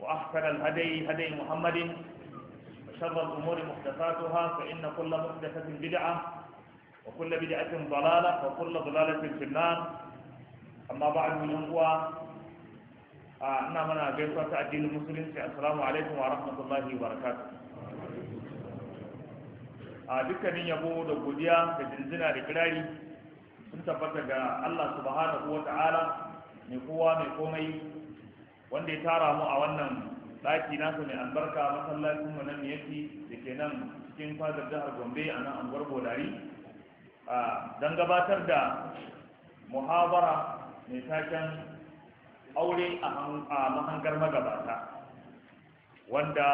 وأحسن الهدي هدي محمد وشر الأمور محدثاتها فإن كل محدثة بدعة وكل بدعة ضلالة وكل ضلالة في النار أما بعد من أخوة أنا من أجلسة الدين المسلم السلام عليكم ورحمة الله وبركاته a dukkanin yabo da godiya da jinjina da kirari sun tabbata ga Allah subhanahu wa ta'ala mai kowa mai komai wanda ya tara mu a wannan na nasa mai albarka masallacin mu nan yake da ke nan cikin fadar jihar gombe a nan anguwar godari, don gabatar da muhabara mai taken aure a mahangar magabata wanda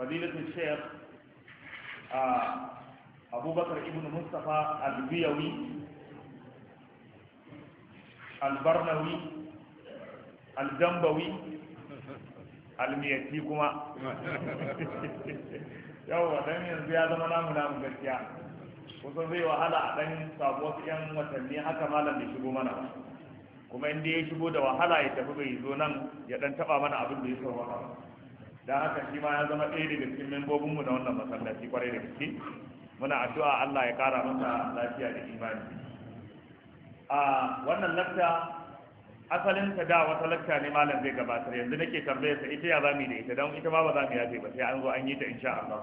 fadilatun sheikh abubakar ibn mustapha albiyawi albarnawi aljambawi almiyati kuma yawwa dan yanzu ya zama namu namu gaskiya kusan zai wahala a dan sabuwa su yan watanni haka malam da shigo mana ba kuma inda ya shigo da wahala ya tafi bai zo nan ya dan taba mana abin da ya sauwa ba dan haka shi ma ya zama ɗaya daga cikin membobinmu na wannan masallaci kwarai da gaske muna addu'a Allah ya kara masa lafiya da imani a wannan lafta asalin ta da wata lakta ne malam zai gabatar yanzu nake tambayar sa ita ya mi da ita don ita ma ba za mu yafe ba sai an zo an yi ta insha Allah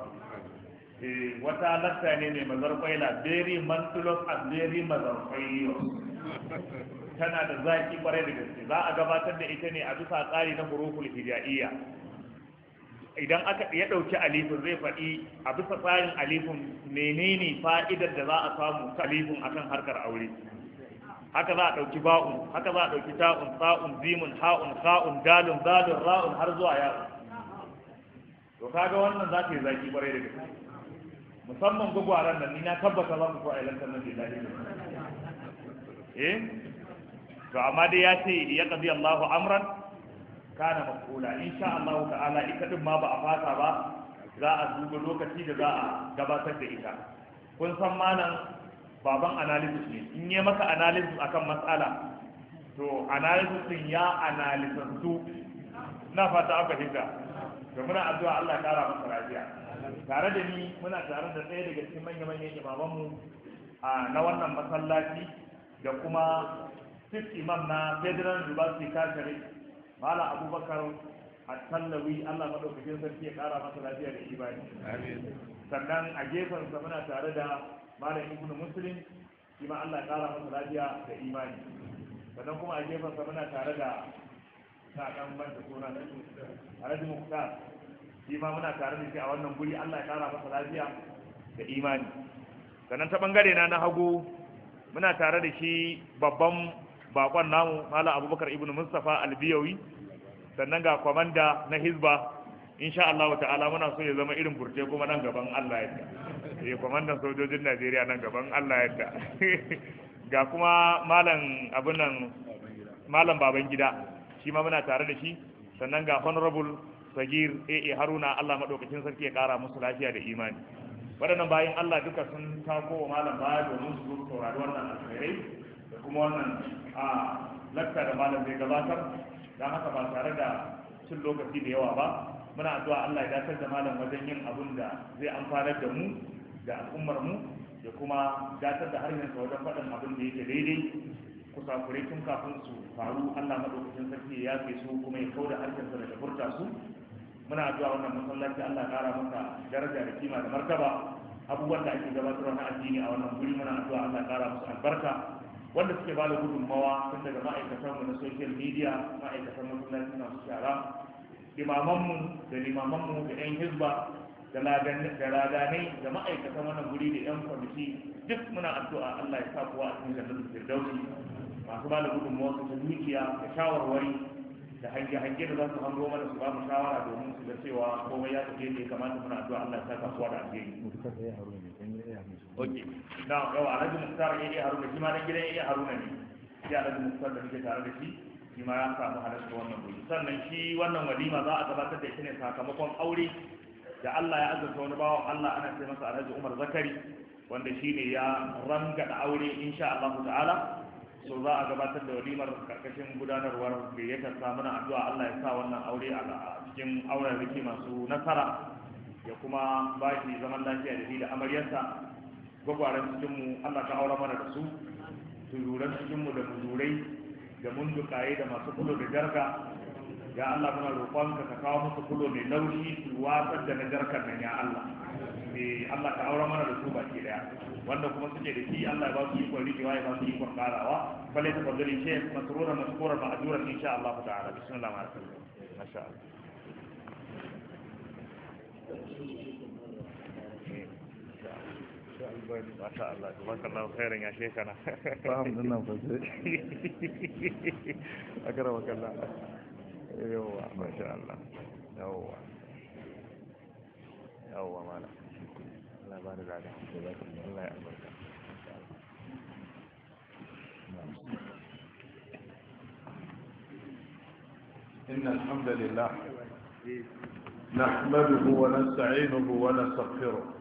eh, wata lakta ne mai mazar kwaila very mantulous and very mazar kwaila. tana da zaki kwarai da gaske za a gabatar da ita ne a bisa tsari na huruful hijaiya idan aka ya dauki alifin zai faɗi a bisa tsarin alifin menene fa'idar da za a samu alifin akan harkar aure haka za a ɗauki ba'un haka za a ɗauki ta'un sa'un zimun ha'un sa'un dalun zalun ra'un har zuwa ya to kaga wannan za ta yi zaki kwarai da gaske musamman gwagwaran nan ni na tabbata za mu ko ailantar nan da lafiya eh to amma dai ya ce ya qadi Allahu amran kana maqula insha Allah ta'ala ita din ma ba a fata ba za a duba lokaci da za a gabatar da ita kun san malam baban analysis ne in yi maka analysis akan matsala to analysis din ya analysantu na fata aka hinta da muna addu'a Allah ya kara masa lafiya tare da ni muna tare da tsaye daga cikin manyan manyan imamanmu na wannan masallaci da kuma Sif imam na federal university kakare malam abubakar at-tallawi Allah madaukakin sarki ya kara masa lafiya da ibadi sannan a gefen sa muna tare da malam ibnu muslim shi ma Allah kara masa lafiya da imani sannan kuma a gefen sa muna tare da ta dan da su Alhaji Muktar shi ma muna tare da shi a wannan guri Allah ya kara masa lafiya da imani sannan ta bangare na na hagu muna tare da shi babban bakon namu malam Abubakar ibnu Mustafa Albiyawi sannan ga kwamanda na Hizba insha Allah ta'ala muna so ya zama irin burje kuma nan gaban Allah yadda eh kwamandan sojojin Najeriya nan gaban Allah yadda ga kuma malam abun nan malam baban gida shi ma muna tare da shi sannan ga honorable sagir AA Haruna Allah madaukakin sarki ya kara musu lafiya da imani waɗannan bayan Allah duka sun tako wa malam baya domin su wannan alkhairai da kuma wannan a lakta da malam zai gabatar don haka ba tare da cin lokaci da yawa ba muna addu'a Allah ya dakatar da malam wajen yin abun da zai amfanar da mu da al'ummar mu da kuma dakatar da harshen sa wajen faɗin abin da yake daidai kusakurai tun kafin su faru Allah madaukakin sarki ya yafe su kuma ya kauda harshen sa daga furta su muna addu'a wannan masallaci Allah kara masa daraja da kima da martaba abubuwan da ake gabatarwa na addini a wannan guri muna addu'a Allah kara musu albarka wanda suke bada da gudunmawa tun daga ma'aikatan mu na social media ma'aikatan masallaci masu shara limamanmu da limamanmu da 'yan hizba da ladanai da ma'aikata wannan guri da 'yan kwamiti duk muna addu'a Allah ya sa kowa a cikin jannatul firdausi masu ba da gudun su ta dukiya da shawarwari da hange-hange da za su hango mana su ba mu shawara domin su da cewa komai ya tafiye da ya kamata muna addu'a Allah ya sa kasuwa da alheri. Ok, na yawa Alhaji Mustar ya iya haruna shi ma na gidan ya iya haruna ne. Ya Alhaji Mustar da muke tare da shi shi ma ya samu halarta wannan guri sannan shi wannan walima za a gabatar da shi ne sakamakon aure da Allah ya azurta wani bawan Allah ana sai masa alhaji Umar Zakari wanda shi ne ya rangada aure insha Allah ta'ala so za a gabatar da walimar karkashin gudanarwar gayyatar mana addu'a Allah ya sa wannan aure a cikin auren rike masu nasara ya kuma ba shi zaman lafiya da shi da amaryarsa gwagwaran cikinmu Allah ka aura mana da su tururan cikinmu da muzurai da mundukaye da masu kulo da jarka ya Allah muna roƙon ka kawo musu kulo mai laushi su watsar da na jarkar nan ya Allah me eh, Allah ka aura mana da su baki daya wanda kuma suke da shi Allah ya ba su ikon rigewa ya ba su ikon karawa falle ta fadlin shi masrura masrura ma'jura insha Allah ta'ala bismillah ma masha Allah ما شاء الله الله خيرا يا شيخنا أكرمك الله ما شاء الله ما إن الحمد لله نحمده ونستعينه ونستغفره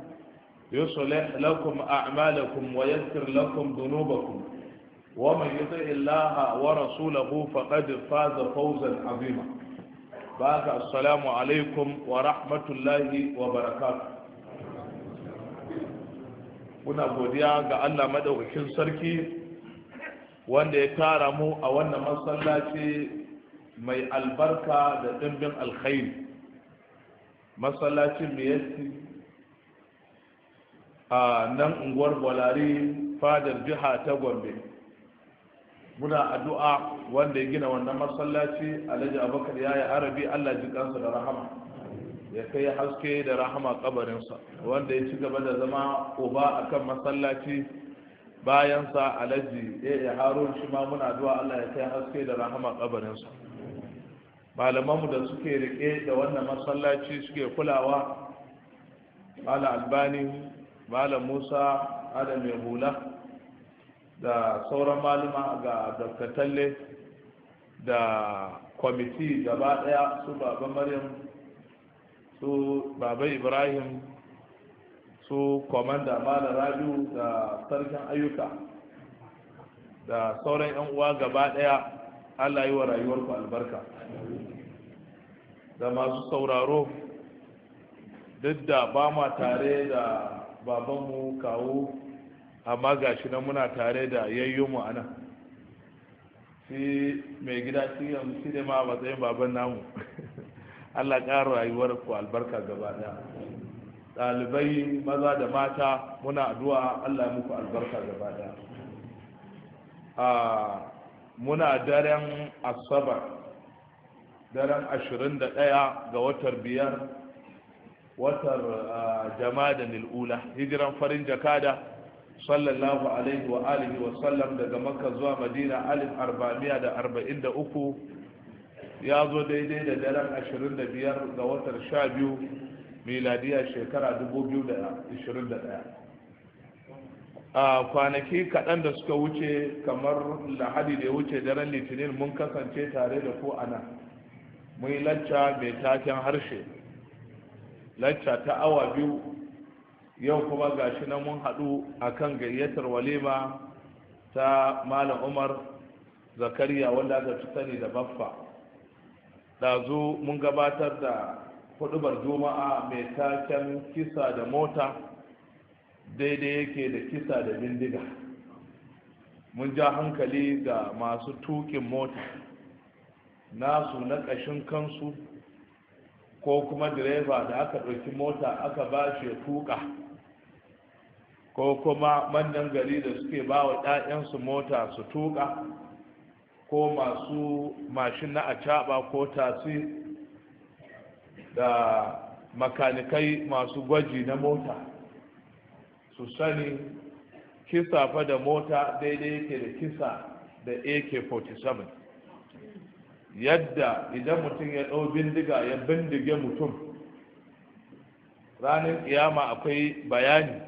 يصلح لكم أعمالكم ويذكر لكم ذنوبكم ومن يطع الله ورسوله فقد فاز فوزا عظيما بعد السلام عليكم ورحمة الله وبركاته هنا بوديا قال لما كل سركي وان يكارموا أو أن ما صلاتي مي البركة لتنبغ الخير ما صلاتي ميسي a nan unguwar bolari fadar jiha ta gombe muna addu'a wanda ya gina wannan masallaci alhaji abubakar ya yi arabi allah ji kansa da rahama ya kai haske da rahama kabarinsa wanda ya ci gaba da zama uba a kan masallaci bayansa alhaji ya yi harun shi ma muna addu'a allah ya kai haske da rahama kabarinsa malamanmu da suke rike da wannan masallaci suke kulawa ala albani malam musa adam mai hula da sauran maluma ga dr talle da kwamiti gaba daya su baba maryam su baba ibrahim su kwamanda malam rabiu da sarkin ayyuka da sauran yan uwa gaba daya allah yi wa rayuwarku albarka da masu sauraro duk da ba ma tare da babanmu kawo amma ga shi nan muna tare da yayyo a nan shi mai gida shi yanzu shi ne ma matsayin baban namu allah ƙara rayuwar ku albarka gaba ɗaya ɗalibai maza da mata muna addu'a allah ya muku albarka gaba a muna daren asabar daren ashirin da ɗaya ga watar biyar watar jama'a lil'ula hijiran farin jakada sallallahu alaihi wa alihi wa sallam daga makka zuwa madina alif arba'amiya da arba'in da uku ya zo daidai da daren ashirin da biyar ga watar sha biyu miladiya shekara dubu biyu da ashirin da ɗaya kwanaki kaɗan da suka wuce kamar lahadi da ya wuce daren litinin mun kasance tare da ku a nan mun yi lacca mai taken harshe lacca ta awa biyu yau kuma gashi na mun haɗu kan gayyatar walima ta malam umar zakariya wanda aka fi sani da baffa ɗazu mun gabatar da hudubar juma'a mai taken kisa da mota daidai yake da kisa da bindiga mun ja hankali ga masu tukin mota nasu na ƙashin kansu ko kuma direba da aka ɗauki mota aka ba shi ya tuka ko kuma manyan gari da suke ba wa ɗayansu mota su tuka ko masu mashin na acaɓa ko tasi da makanikai masu gwaji na mota su sani kisa fa da mota daidai yake da kisa da ak-47 yadda idan mutum ya ɗau bindiga ya bindige mutum ranar kiyama akwai bayani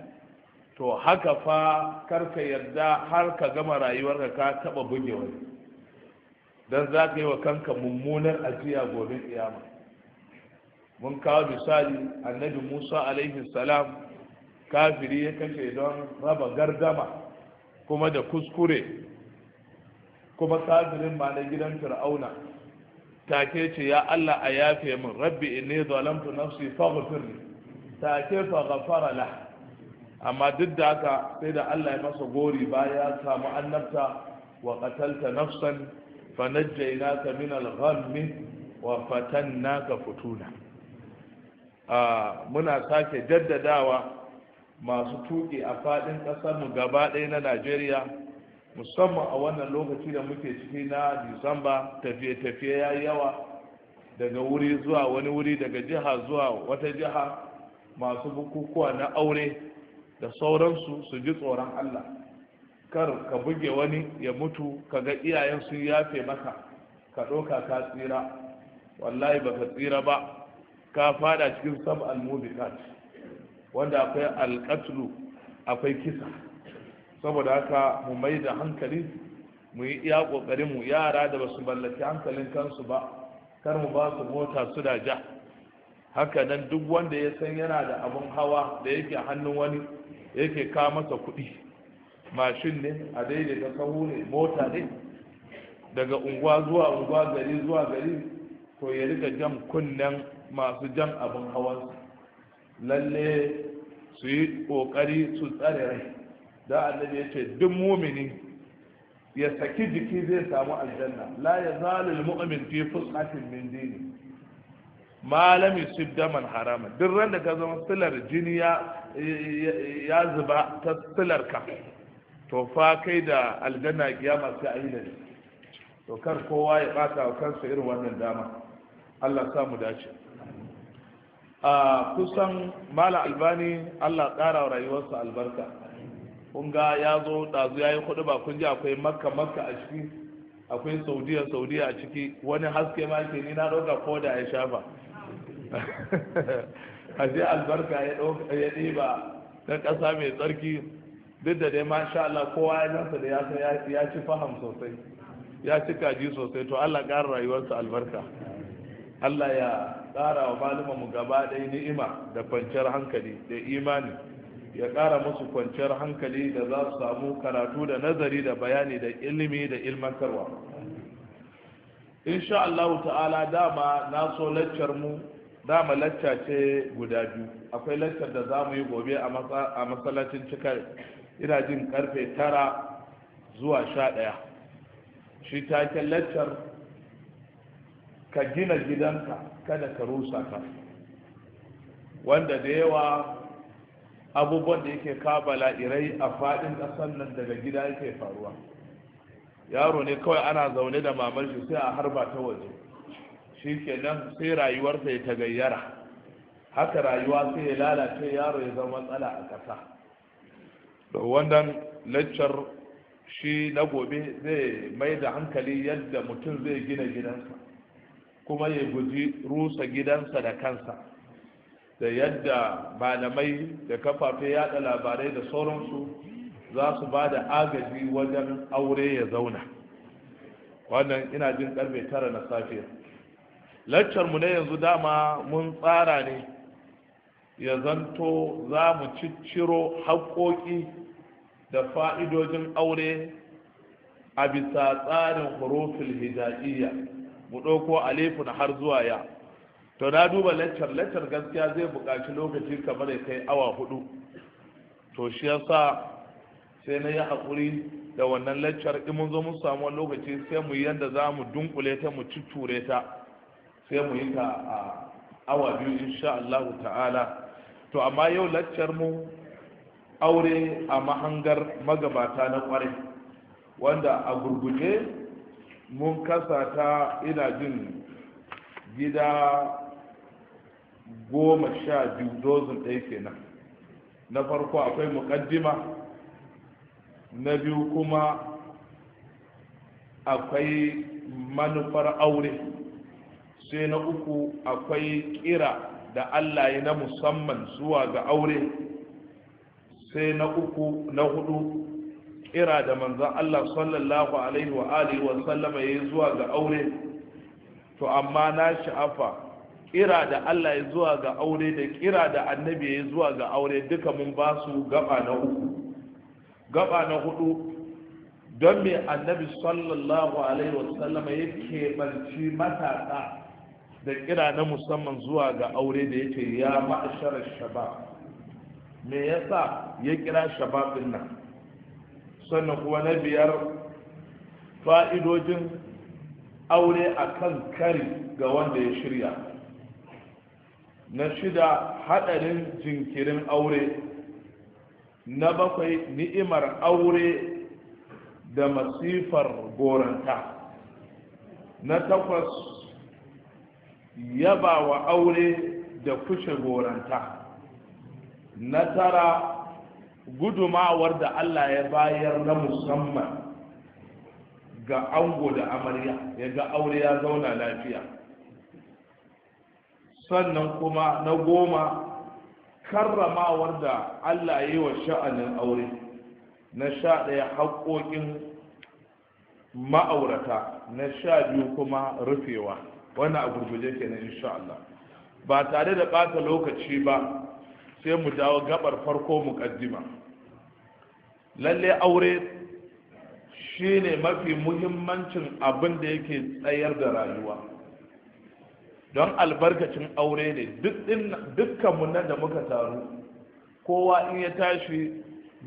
to haka fa karka yarda har ka gama rayuwarka ka taɓa buge wani don za ka yi wa kanka mummunar ajiya gobe kiyama mun kawo misali annabi musa alaihi salam kafiri ya kashe don raba gardama kuma da kuskure kuma kafirin ma na gidan fir'auna take ce ya Allah a yafe min rabbi inni zalamtu nafsi faghfirli take fa ghafara la amma duk da haka sai da Allah ya masa gori baya samu annabta wa qatalta nafsan fanajjaynaka min al-ghammi wa fatannaka futuna muna sake jaddadawa masu tuki a faɗin ƙasarmu mu gaba ɗaya na Najeriya musamman a wannan lokaci da muke ciki na disamba tafiye-tafiye ya yawa daga wuri zuwa wani wuri daga jiha zuwa wata jiha masu bukukuwa na aure da sauransu su ji tsoron allah kar ka buge wani ya mutu ka ga iyayen sun yafe maka ka ɗauka ka tsira wallahi ba ka tsira ba ka fada cikin sab al wanda akwai alƙatlu akwai kisa saboda haka mu mai da hankali mu yi iya kokarin mu yara da basu mallaki hankalin kansu ba kar mu ba su mota su da ja haka nan duk wanda ya san yana da abun hawa da yake hannun wani yake ka masa kuɗi mashin ne a daidaita sahu ne mota ne daga unguwa zuwa unguwa gari zuwa gari to ya riga jan kunnen masu jan abin hawansu lalle su yi ƙoƙari su tsare rai da annabi ya ce duk mumini ya saki jiki zai samu aljanna la ya zalil mu'min fi fusatin min dini malami su daman harama duk ran da ka zama silar jini ya zuba ta silar ka to fa kai da aljanna kiyama sai a yi da to kar kowa ya bata wa kansa irin wannan dama Allah sa mu dace a kusan mala albani Allah ƙara wa rayuwarsa albarka kun ga ya zo ɗazu ya yi kuɗi ba kun ji akwai makka makka a ciki akwai saudiya saudiya a ciki wani haske ma ke ni na ɗauka ko da ya shafa a je albarka ya ɗiba na ƙasa mai tsarki duk da dai masha Allah kowa ya nasa da ya ci faham sosai ya ci kaji sosai to Allah ƙara rayuwarsa albarka Allah ya ƙara wa malumanmu gaba ɗaya ni'ima da kwanciyar hankali da imani ya ƙara musu kwanciyar hankali da za su samu karatu da nazari da bayani da ilimi da ilmantarwa insha Allah ta'ala dama na so laccar mu dama lacca ce guda biyu akwai laccar da za mu yi gobe a matsalacin cikar ina jin karfe tara zuwa sha ɗaya shi taken laccar ka gina gidanka kada ka rusa ka wanda da yawa abubuwan da yake kabala irai a faɗin ƙasar nan daga gida yake faruwa yaro ne kawai ana zaune da mamar shi sai a harba ta waje shi kenan sai rayuwarsa ya ta gayyara haka rayuwa sai ya lalace yaro ya zama matsala a ƙasa da wannan laccar shi na gobe zai mai da hankali yadda mutum zai gina gidansa kuma ya guji rusa gidansa da kansa da yadda malamai da kafafe yada labarai da sauransu za su ba da agaji wajen aure ya zauna wannan ina jin karfe tara na safe laccar mu na yanzu dama mun tsara ne ya zanto za mu cicciro haƙoƙi da fa'idojin aure a bisa tsarin hurufin hijaiya mu ɗauko alifin har zuwa ya to na duba lecture lecture gaskiya zai buƙaci lokaci kamar ya kai awa hudu to shi ya sa sai na yi haƙuri da wannan lecture in mun zo mun samu lokaci sai mu yi yadda za mu dunkule ta mu cuture ta sai mu yi ta a awa biyu insha Allah ta'ala to amma yau lecture mu aure a mahangar magabata na kwarai wanda a gurguje mun kasa ta ina jin gida goma sha biyu dozin ɗaya kenan na farko akwai muƙaddima na biyu kuma akwai manufar aure sai na uku akwai kira da allah ya na musamman zuwa ga aure sai na uku na hudu kira da manzan allah sallallahu alaihi wa alihi wa sallama ya yi zuwa ga aure to amma na sha'afa kira da Allah ya zuwa ga aure da kira da annabi ya zuwa ga aure duka mun ba su gaba na uku gaba na hudu don me annabi sallallahu alaihi wasallama ya keɓanci matasa da kira na musamman zuwa ga aure da yake ya ma'ashara shabab me yasa ya kira shabab nan sannan kuwa na biyar fa'idojin aure a kan kari ga wanda ya shirya na shida haɗarin jinkirin aure na bakwai ni'imar aure da masifar goranta na takwas yaba wa aure da kushe goranta na tara gudumawar da allah ya bayar na musamman ga ango da amarya ya ga aure ya zauna lafiya sannan kuma na goma karramawar da Allah ya yi wa sha'anin aure na sha ɗaya haƙoƙin ma'aurata na sha biyu kuma rufewa wannan a gurguje kenan insha Allah ba tare da ɓata lokaci ba sai mu dawo gabar farko mu ƙaddima. lalle aure shine mafi muhimmancin abin da yake tsayar da rayuwa don albarkacin aure ne dukkanmu nan da muka taru kowa in ya tashi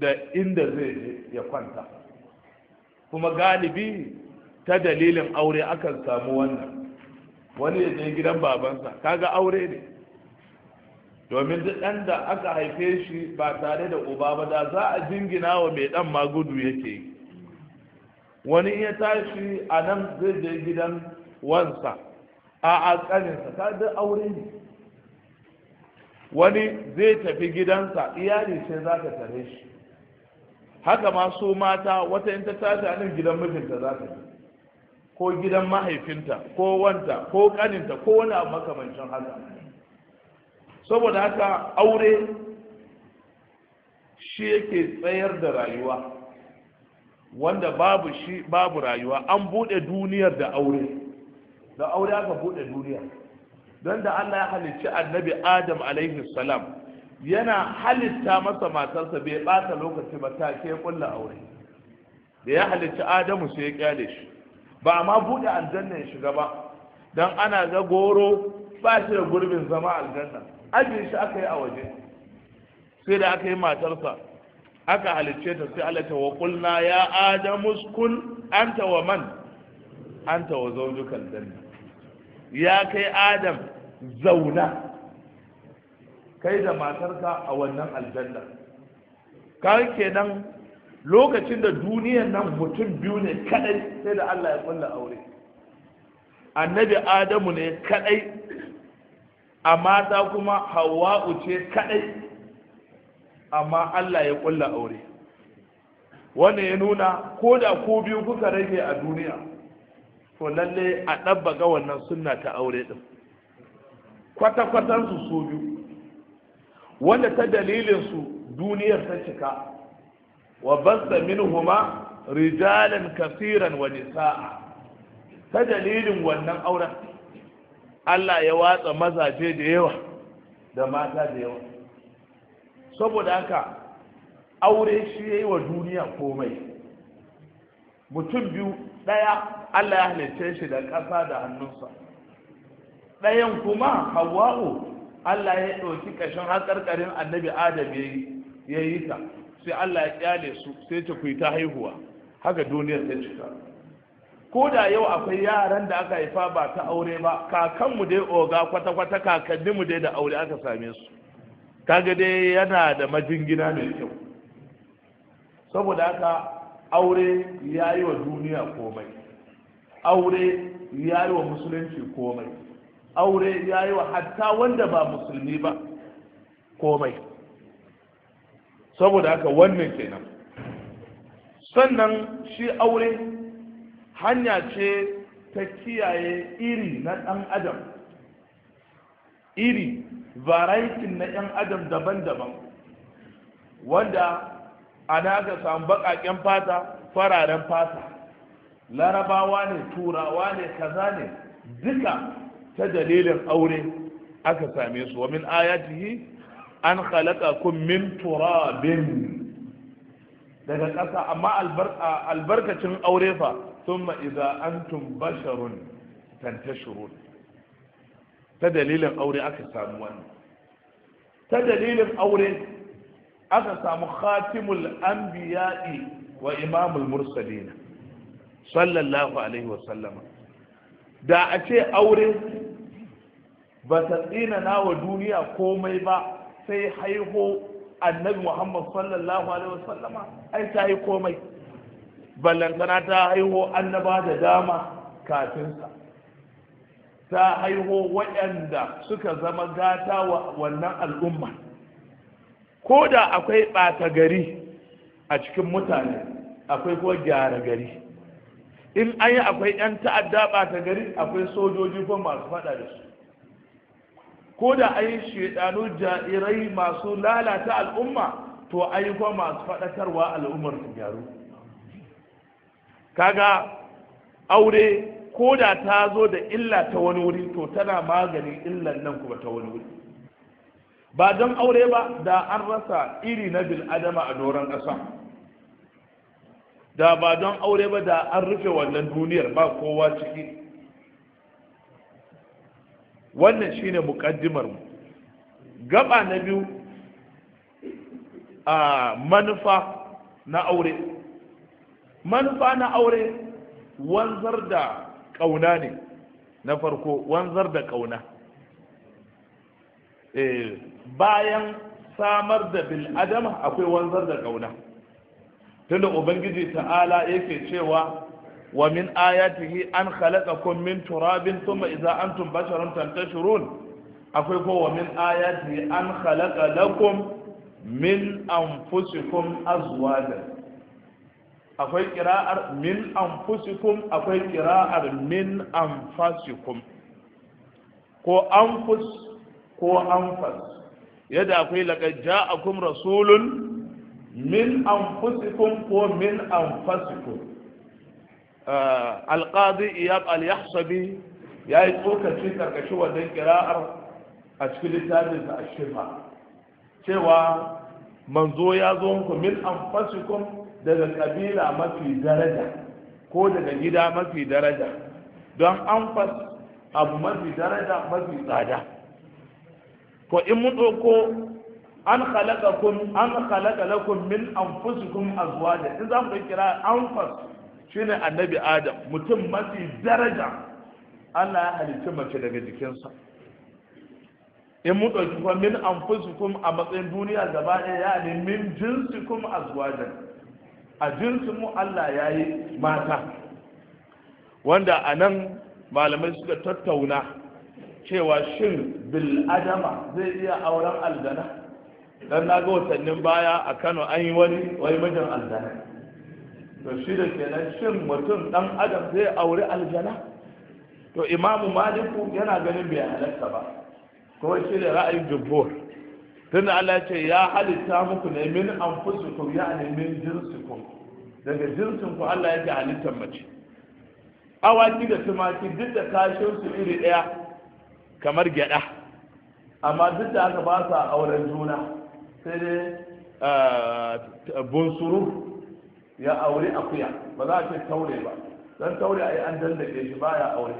da inda zai ya kwanta kuma galibi ta dalilin aure akan samu wannan wani ya je gidan babansa kaga aure ne domin duk ɗan da aka haife shi ba tare da uba ba da za a jingina wa mai ɗan magudu yake yi wani ya tashi a nan zai je gidan wansa a a kaninsa ta da aure ne wani zai tafi gidansa iyali ce za ka tare shi haka ma su mata wata in ta tashi anin gidan mijinta za ta ko gidan mahaifinta ko wanta ko kaninta ko wani abu makamancin haka saboda haka aure shi yake tsayar da rayuwa wanda babu shi babu rayuwa an buɗe duniyar da aure da aure aka bude duniya don da Allah ya halicci annabi Adam alaihi salam yana halitta masa matarsa bai bata lokaci ba ta ke kulla aure da ya halicci Adamu sai ya kyale shi ba ma buɗe aljanna ya shiga ba don ana ga goro ba shi da gurbin zama aljanna ajin shi aka yi a waje sai da aka yi matarsa aka halicce ta sai Allah ta wa ya Adamu kun anta wa man anta wa zawjukal janna ya kai adam zauna kai da matarka a wannan aljanna kan kenan lokacin da duniyan nan mutum biyu ne kadai sai da Allah ya kulla aure annabi adamu ne kadai a mata kuma hawa'u uce kadai amma Allah ya kulla aure wannan ya nuna ko da ko biyu kuka rage a duniya to lalle a ɗabba wannan sunna ta aure ɗin kwata kwatansu su biyu wanda ta dalilinsu duniyar ta cika wa basta minhuma rijalan kasiran wa nisa'a ta dalilin wannan auren Allah ya watsa mazaje da yawa da mata da yawa saboda haka aure shi ya yi wa duniya komai mutum biyu ɗaya Allah ya halitta shi da ƙasa da hannunsa ɗayan kuma hawa'u Allah ya ɗauki ƙashin haƙarƙarin annabi Adam ya yi ta sai Allah ya ƙyale su sai ta kuyi ta haihuwa haka duniyar ta cika ko da yau akwai yaran da aka haifa ba ta aure ba kakanmu dai oga kwata-kwata kakanninmu dai da aure aka same su kaga dai yana da majingina mai kyau saboda haka aure ya yi wa duniya komai aure ya yi wa musulunci komai aure ya yi wa hatta wanda ba musulmi ba komai saboda haka wannan kenan sannan shi aure hanya ce ta kiyaye iri na ɗan adam iri varaitin na 'yan adam daban-daban wanda ana ga samu baƙaƙen fata fararen fata larabawa ne turawa ne kaza ne duka ta dalilin aure aka same su wa min ayatihi an khalaqakum min turabin daga ƙasa amma albarkacin aure fa thumma idza antum basharun tantashurun ta dalilin aure aka samu wannan ta dalilin aure aka samu khatimul anbiya'i wa imamul mursalina sallallahu alaihi wasallama da a ce aure ba ta tsina na wa duniya komai ba sai haiho annabi muhammad sallallahu alaihi wasallama ai ta yi komai ballantana ta haiho annaba da dama kafinsa ta haiho waɗanda suka zama gata wa wannan al'umma ko da akwai ɓata gari a cikin mutane akwai ko gyara gari in an yi akwai 'yan ta'adda ta gari akwai sojoji ko masu faɗa da su ko da an yi shaidanu jairai masu lalata al'umma to an yi kuma masu faɗakarwa al'ummar su gyaru kaga aure ko da ta zo da illa ta wani wuri to tana maganin illan nan kuma ta wani wuri ba don aure ba da an rasa iri na adama a doron ƙasa da ba don aure ba da an rufe wannan duniyar ba kowa ciki wannan shine mukaddimar mu gaba na biyu a manufa na aure manufa na aure wanzar da kauna ne na farko wanzar da kauna eh, bayan samar da bil'adama akwai wanzar da kauna tunda ubangiji ta'ala yake cewa wa min ayatihi an khalaqakum min turabin thumma idza antum basharun tantashurun akwai ko wa min ayatihi an khalaqa lakum min anfusikum azwajan akwai kira'ar min anfusikum akwai kira'ar min anfasikum ko anfus ko anfas yadda akwai laqad ja'akum rasulun min anfusikum ko min anfasikum uh, alqadi iyab al-yahsabi yayi tsokaci karkashi wannan kira'ar a cikin littafin da ashifa cewa manzo ya zo muku min anfasikum daga kabila mafi daraja ko daga gida mafi daraja don anfas abu mafi daraja mafi tsada ko in mun ɗauko an khalaqakum an khalaqa lakum min anfusikum azwaja in za mu kira anfas shine annabi adam mutum mafi daraja Allah ya halicci mace daga jikinsa in mu ɗauki kuma min anfusikum a matsayin duniya gaba ɗaya ya ne min jinsikum azwajan a jinsin mu Allah ya yi mata wanda a nan malamai suka tattauna cewa shin bil adama zai iya auren aljana dan na ga watannin baya a kano an yi wani wani mijin aljana to shi da kenan shin mutum dan adam zai auri aljana to imamu maliku yana ganin bai halatta ba kuma shi da ra'ayin jumhur tunda Allah ce ya halitta muku ne min ya ne min jinsikum daga jinsinku ku Allah yake halittar mace awaki da tumaki duk da kashin su iri daya kamar gyada amma duk da aka ba sa auren juna sai dai bunsuru ya aure akuya ba za a ce taure ba don taure a yi an dandake shi ba ya aure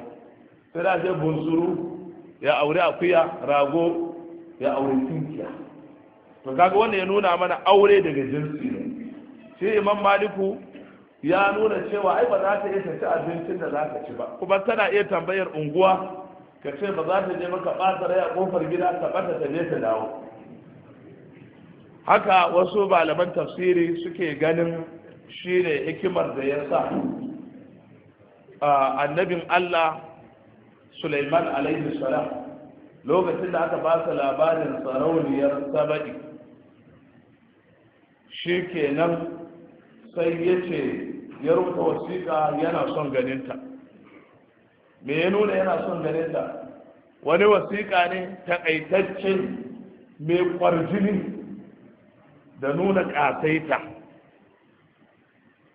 sai da ce bunsuru ya aure akuya rago ya aure tinkiya to kaga wanda ya nuna mana aure daga jinsi ne shi imam maliku ya nuna cewa ai ba za ta iya ta ci abincin da za ta ci ba kuma tana iya tambayar unguwa ka ce ba za ta je maka ɓata rai a ƙofar gida ka ɓata ta je ta dawo haka wasu malaman tafsiri suke ganin shi ne hikimar da ya sa annabin Allah Sulaiman alaihi salam lokacin da aka ba su labarin sarauniyar sabadi shi kenan sai ya ce ya rufe wasiƙa yana son ganinta me ya nuna yana son ganinta wani wasiƙa ne takaitaccen mai kwarjini da nuna ƙasaita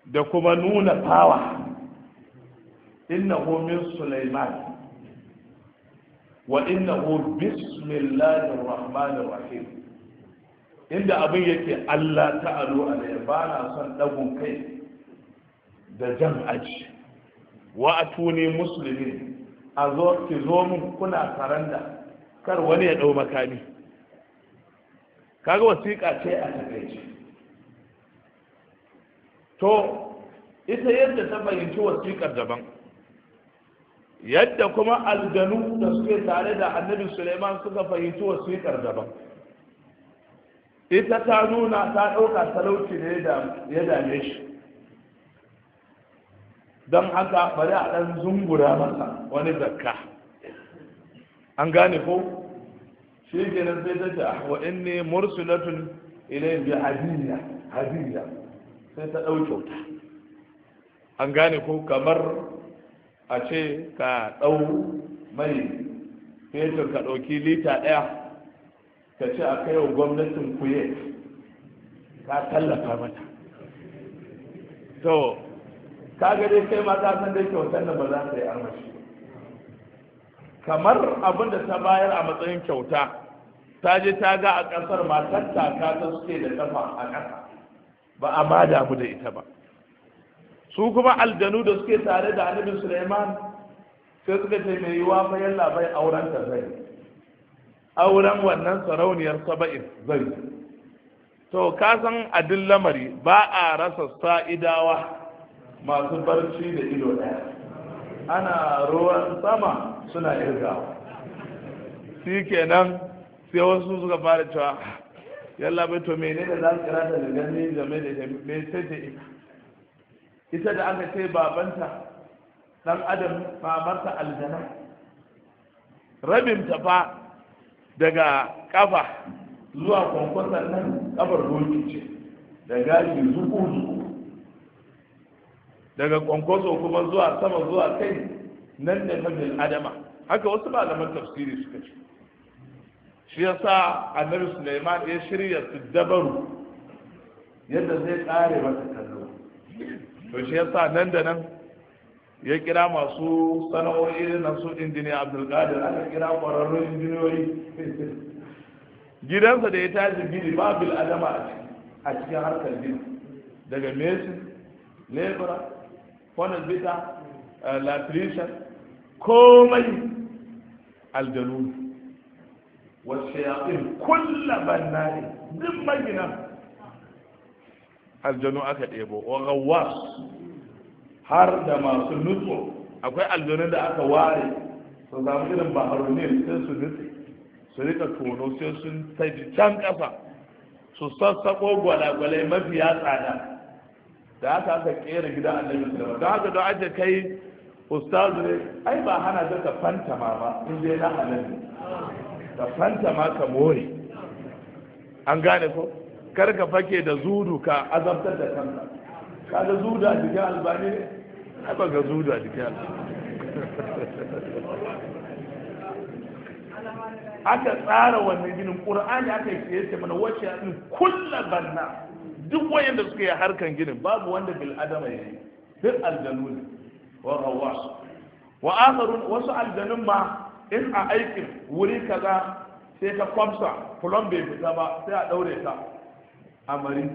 da kuma nuna fawa innahu min sulaiman wa innahu bismillahir rahmanir rahim inda abin yake Allah ta'alu alayhi ba na son dagun kai da jan aji wa atuni muslimin a zo ki zo mun kuna faranda kar wani ya ɗau makami kaga wasiƙa ce a takaice to ita yadda ta fahimci wasiƙar daban yadda kuma aljanu da suke tare da annabi suleiman suka fahimci wasiƙar daban ita ta nuna ta ɗauka talauci ne ya dame shi don haka bari a ɗan zungura masa wani zakka an gane ko shi ke nan sai tace ce ah, wa inni mursulatun ilayhi bi hadiyya hadiyya sai ta dau kyauta an gane ko kamar a ce ka dau mai fetur ka dauki lita daya ka ce a kai wa gwamnatin kuye ka tallafa mata to kaga dai kai mata san dai da ba za ta yi armashi kamar abin da ta bayar a matsayin kyauta ta je ta ga a ƙasar matar ta ta suke da kafa a ƙasa ba a da damu da ita ba su kuma aljanu da suke tare da annabi suleiman sai suka ce mai yiwa fa yalla bai auren ta zai auren wannan sarauniyar saba'in zai to ka san a lamari ba a rasa sa'idawa masu barci da ido ɗaya ana ruwan sama suna irgawa shi kenan sai wasu suka fara cewa yalla bai to mene da za su kira ta da gani game da ita me sai da ita ita da aka ce babanta dan adam mamarta aljana rabin ta fa daga kafa zuwa kwankwasan nan kafar doki ce da gashi zuku zuku daga kwankwaso kuma zuwa sama zuwa kai nan da nabil adama haka wasu malaman tafsiri suka ce shi ya sa annabi Suleiman ya shirya su dabaru yadda zai kare masa kallo to shi ya sa nan da nan ya kira masu sana'o'i na su injiniya abdulkadir aka kira kwararrun injiniyoyi gidansa da ya tashi gidi babu adama a cikin harkar gini daga mesin lebura wannan bita eh, latrisha komai aljanu wasu yaƙin kulla bannari duk maginan aljanu aka ɗebo wa har da masu nutso akwai aljanu da aka ware su zama irin ne sai su nutse su rika tono sai sun can ƙasa su sassaƙo gwalagwalai mafiya tsada da haka aka kera gidan annabi sallama don haka don ake kai ustazu ne ai ba hana ta ka ma ba in dai na annabi ka ma ka more an gane ko kar ka fake da zudu ka azabtar da kanka ka da zudu a jikin albani ne ai ba ga zudu a jikin albani aka tsara wannan ginin ƙur'ani aka yi ce mana wacce in kulla banna duk wayanda suka yi harkan ginin babu wanda bil adama ya yi duk aljanu ne wa rawas wa akharun wasu aljanun ma in a aikin wuri kaza sai ka kwamsa fulon bai fita ba sai a daure ta amari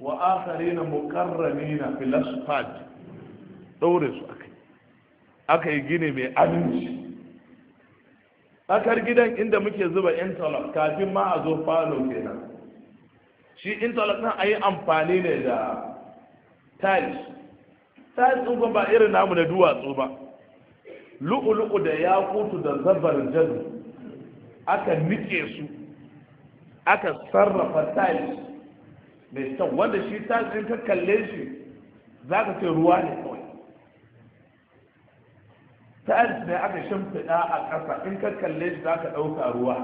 wa akharina mukarramina fil asfad daure su akai aka yi gini mai aminci tsakar gidan inda muke zuba intalok kafin ma a zo falo kenan shi interlock nan ayi amfani ne da tiles tiles din kuma ba irin namu na duwatsu ba lu'ulu'u da kutu da zabar jadu aka nike su aka sarrafa tiles mai kyau wanda shi tiles din ka kalle shi za ka ce ruwa ne kawai tiles ne aka shimfiɗa a ƙasa in ka kalle shi za ka ɗauka ruwa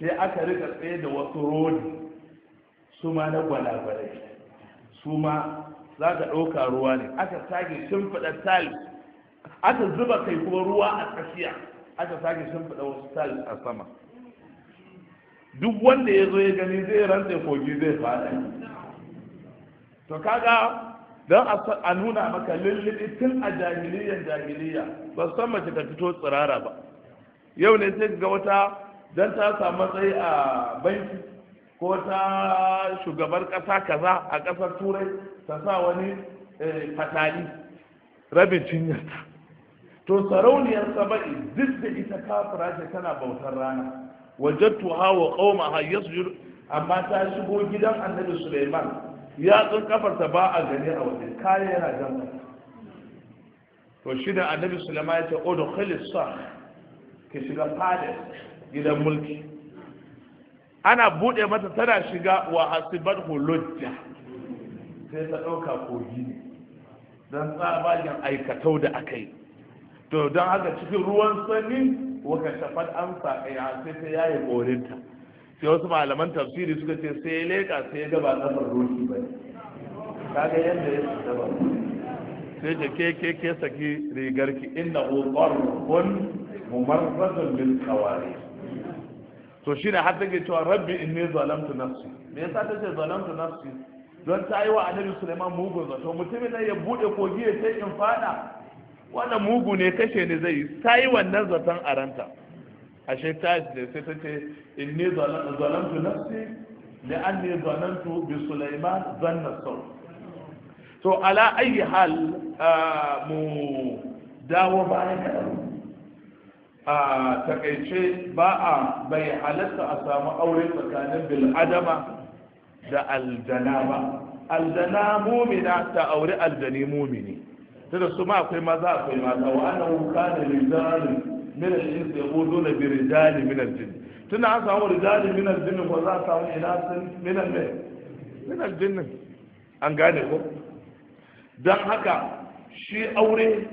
sai aka rika tsaye da wasu rodi su ma na gwalagwalai su ma za ka ɗauka ruwa ne aka sake shimfiɗa tiles aka zuba kai kuma ruwa a tsakiya aka sake shimfiɗa wasu tiles a sama duk wanda ya zo ya gani zai rantse kogi zai fada to kaga don a nuna maka lullubi tun a jahiliyyar jahiliya ba san mace ka fito tsirara ba yau ne sai ga wata don ta samu matsayi a banki ko ta shugabar kasa kaza a kasar turai ta sa wani eh, fatali rabin cinyarta to sarauniyar saba'i duk da ita kafira ce tana bautar rana wajattu hawa qauma hayyasjud amma ta shigo gidan annabi suleiman ya tsun kafarta ba a gani a waje kare yana jan to shi da annabi suleiman ya ce odo khalis sa ke shiga palace gidan mulki ana bude mata tana shiga wa hasibar hulujja sai ta dauka kogi ne don tsabagen aikatau da aka yi to don haka cikin ruwan sanyi waka shafar amsa ya sai ta yaye korinta sai wasu malaman tafsiri suka ce sai ya sai ya gaba ƙasar roki ba kaga yadda ya su ba sai ta ke ke ke saki rigarki inna hukwar kun mumarrazin min kawari to shi ne har take cewa rabbi ne zalamtu nafsi me yasa ta ce zalamtu nafsi don ta yi wa annabi suleiman mugun zato mutumin nan ya bude kogi ya ce in fada wannan mugu ne kashe ne zai yi ta yi wannan zaton a ranta ashe ta ce sai ta ce zalamtu nafsi da an ne zanantu bi suleiman zanna sau to ala ayi hal ah, mu dawo bayan a takaice ba a bai halatta a samu aure tsakanin bil'adama da aljana ba aljana mumina ta aure aljani mumini tunda su ma akwai maza akwai mata wa ana wuka da rijalin min al ko dole bi rijali minar jini tunda an samu rijali minar al ko za a samu ina sun minar jinn min al an gane ko don haka shi aure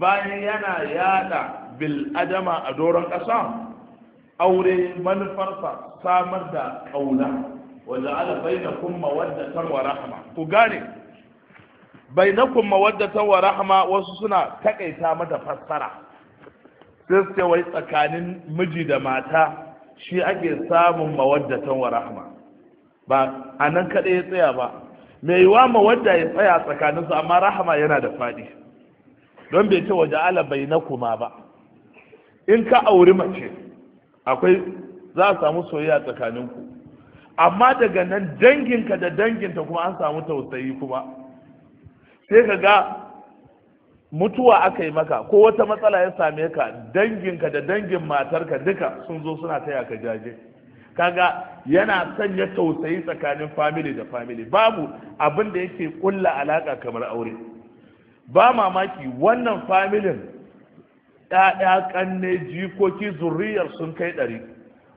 bayan yana yada bil'adama a doron ƙasa aure manufarsa samar da ƙauna wanda ala bainakum mawaddatan wa rahma ku gane bainakum mawaddatan wa rahma wasu suna takaita mata fassara sai su ce wai tsakanin miji da mata shi ake samun mawaddatan wa rahma ba a nan kaɗai ya tsaya ba mai yiwa mawadda ya tsaya tsakaninsu amma rahama yana da faɗi don bai ce waje ala bainakuma ba in ka auri mace akwai za a samu soyayya tsakaninku amma daga nan danginka da danginta kuma an samu tausayi kuma sai ka ga mutuwa aka yi maka ko wata matsala ya same ka danginka da dangin matarka duka sun zo suna taya ka jaje kaga yana sanya tausayi tsakanin family da family babu abin da yake kulla alaka kamar aure ba mamaki wannan familin ɗaya ƙanne jikoki zurriyar sun kai ɗari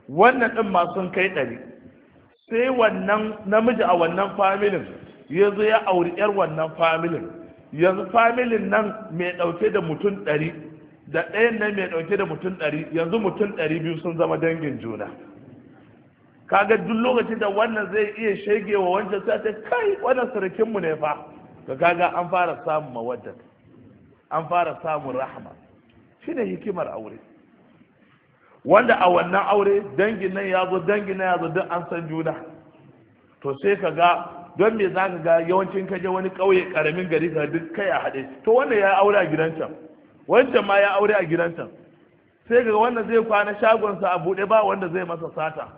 wannan ɗin ma sun kai ɗari sai wannan namiji a wannan familin ya zo ya auri 'yar wannan familin yanzu familin nan mai ɗauke da mutum ɗari da ɗayan nan mai ɗauke da mutum ɗari yanzu mutum ɗari biyu sun zama dangin juna kaga duk lokacin da wannan zai iya shegewa wancan sai ta kai wannan sarkinmu ne fa ga kaga an fara samun mawaddata an fara samun rahama shine hikimar aure wanda a wannan aure dangin nan ya zo dangin nan ya zo duk an san juna to sai ka ga don me za ka ga yawancin ka je wani ƙauye ƙaramin gari ka duk kai a haɗe to wanda ya aure a gidan can wancan ma ya aure a gidan can sai ka ga wanda zai kwana shagonsa a buɗe ba wanda zai masa sata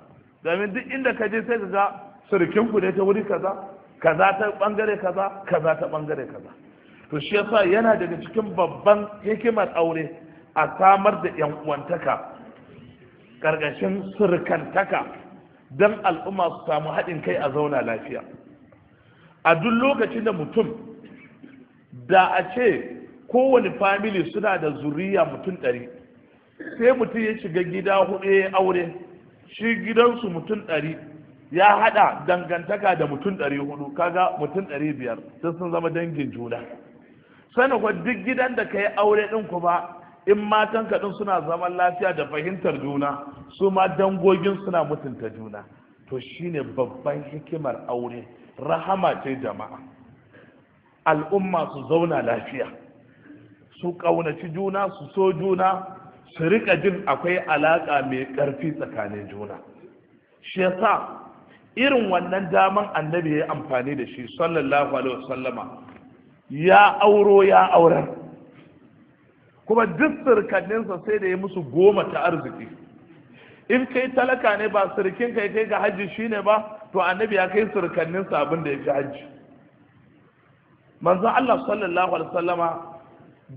domin duk inda ka je sai ka ga surukin ku ne ta wuri kaza kaza ta bangare kaza kaza ta bangare kaza to shi yasa yana daga cikin babban hikimar aure a samar da yan uwantaka ƙarƙashin surkantaka don al'umma su samu haɗin kai a zauna lafiya a duk lokacin da mutum da a ce kowane famili suna da zuriya mutum ɗari sai mutum ya shiga gida hudu ya aure shi gidansu mutum ɗari ya haɗa dangantaka da mutum ɗari hudu kaga mutum ɗari biyar sun zama dangin juna sanakon duk gidan da ka yi aure ɗin kuma in matan kaɗin suna zaman lafiya da fahimtar juna su ma dangogin suna mutunta juna to shine babban hikimar aure rahama ce jama'a al'umma su zauna lafiya su ƙaunaci juna su so juna su rika jin akwai alaƙa mai ƙarfi tsakanin juna shi yasa irin wannan daman annabi ya amfani da shi sallallahu alaihi wasallama ya auro ya aurar kuma duk sirkanninsa sai da ya musu goma ta arziki in kai talaka ne ba sirkin kai kai ga hajji shine ba to annabi ya kai sirkanninsa abin da ya fi hajji manzon Allah sallallahu alaihi wasallama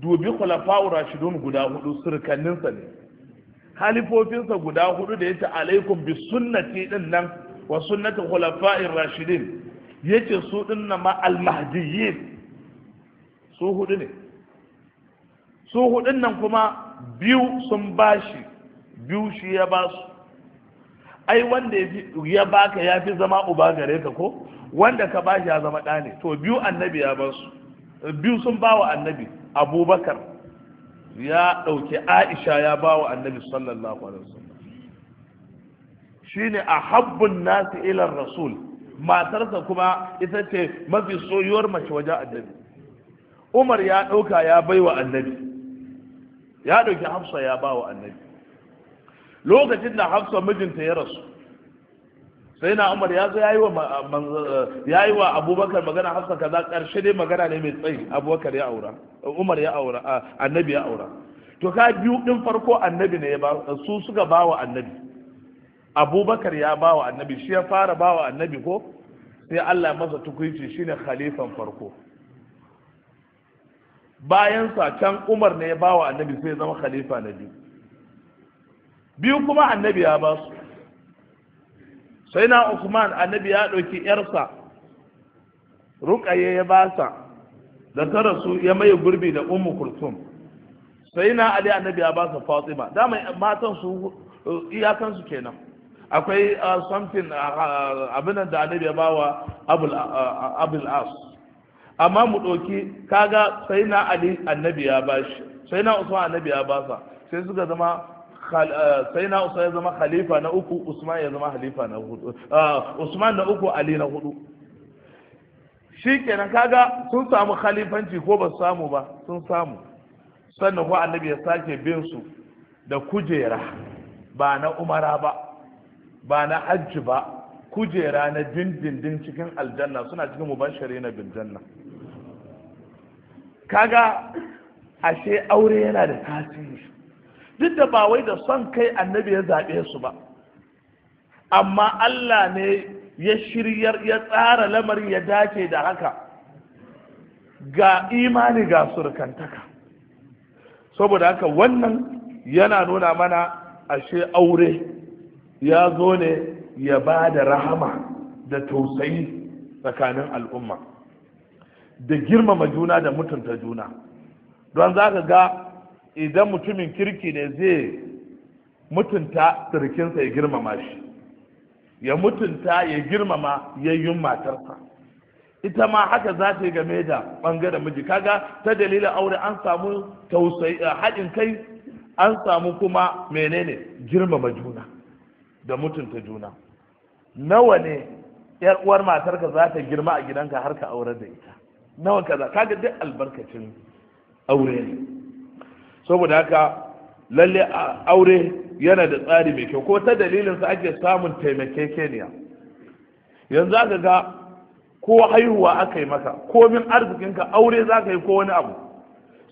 dubi khulafa'ur rashidun guda hudu sirkaninsa ne halifofinsa guda hudu da yace alaikum bi sunnati din nan wa sunnati khulafa'ir rashidin yace su din ma al-mahdiyyin su hudu ne su hudun nan kuma biyu sun ba shi biyu shi ya ba su ai wanda ya baka ya fi zama uba gare ka ko wanda ka shi ya zama ɗane, to biyu annabi ya ba su biyu sun ba wa annabi abubakar ya ɗauki aisha ya ba wa annabi sallallahu alaihi wasallam ne a habbun nasu ilar rasul matarsa kuma ita ce mafi soyuwar mace wajen annabi umar ya ɗauka ya baiwa annabi ya ɗauki hafsa ya ba wa annabi lokacin da hafsa mijinta ya rasu sai na umar ya zo ya yi wa abubakar magana hafsa kaza ƙarshe dai magana ne mai tsayi abubakar ya aura umar ya aura annabi ya aura to ka biyu din farko annabi ne su suka ba wa annabi abubakar ya ba wa annabi shi ya fara ba wa annabi ko sai allah masa tukuici shine khalifan farko bayan sa can umar ne ya bawa annabi sai zama khalifa na biyu biyu kuma annabi ya ba su sai na usman annabi ya ɗauki yarsa ruƙaye ya ba sa da ta rasu ya maye gurbi da ummu kulsum sai na ali annabi ya ba sa fatima dama matan su iyakan su kenan akwai uh, something uh, uh, abin da annabi ya bawa abul as amma mu ɗauki kaga sai na ali annabi ya ba shi sai na usman annabi ya ba sa sai suka zama eh, sai na usman ya zama khalifa na uku usman ya zama khalifa na hudu eh, usman na uku ali na hudu shikenan kaga sun samu khalifanci ko ba samu ba sun samu sannan ko annabi ya sake bin su da kujera ba na umara ba ba na hajji ba kujera na dindindin cikin aljanna suna cikin mubashari na biljanna kaga ashe aure yana da tasiri duk da ba wai da son kai annabi ya zaɓe su ba amma Allah ne ya shiryar ya tsara lamarin ya dace da haka ga imani ga surkantaka saboda haka wannan yana nuna mana ashe aure ya zo ne ya ba da rahama da tausayi tsakanin al'umma da girmama juna da mutunta juna don za ka ga idan mutumin kirki ne zai mutunta sirkinsa ya girmama shi ya mutunta ya girmama yayyun matarsa ita ma haka za ta yi game da ɓangaren miji kaga ta dalilin aure an samu tausayi eh, haɗin kai an samu kuma menene girmama juna da mutunta juna nawa ne yar uwar matarka za ta girma a gidanka har ka aure da ita nawa kaza kaga duk albarkacin aure ne saboda haka lalle aure yana da tsari mai kyau ko ta dalilin sa ake samun taimakekeniya yanzu aka ga ko haihuwa aka yi maka komin arzikinka aure za ka yi ko wani abu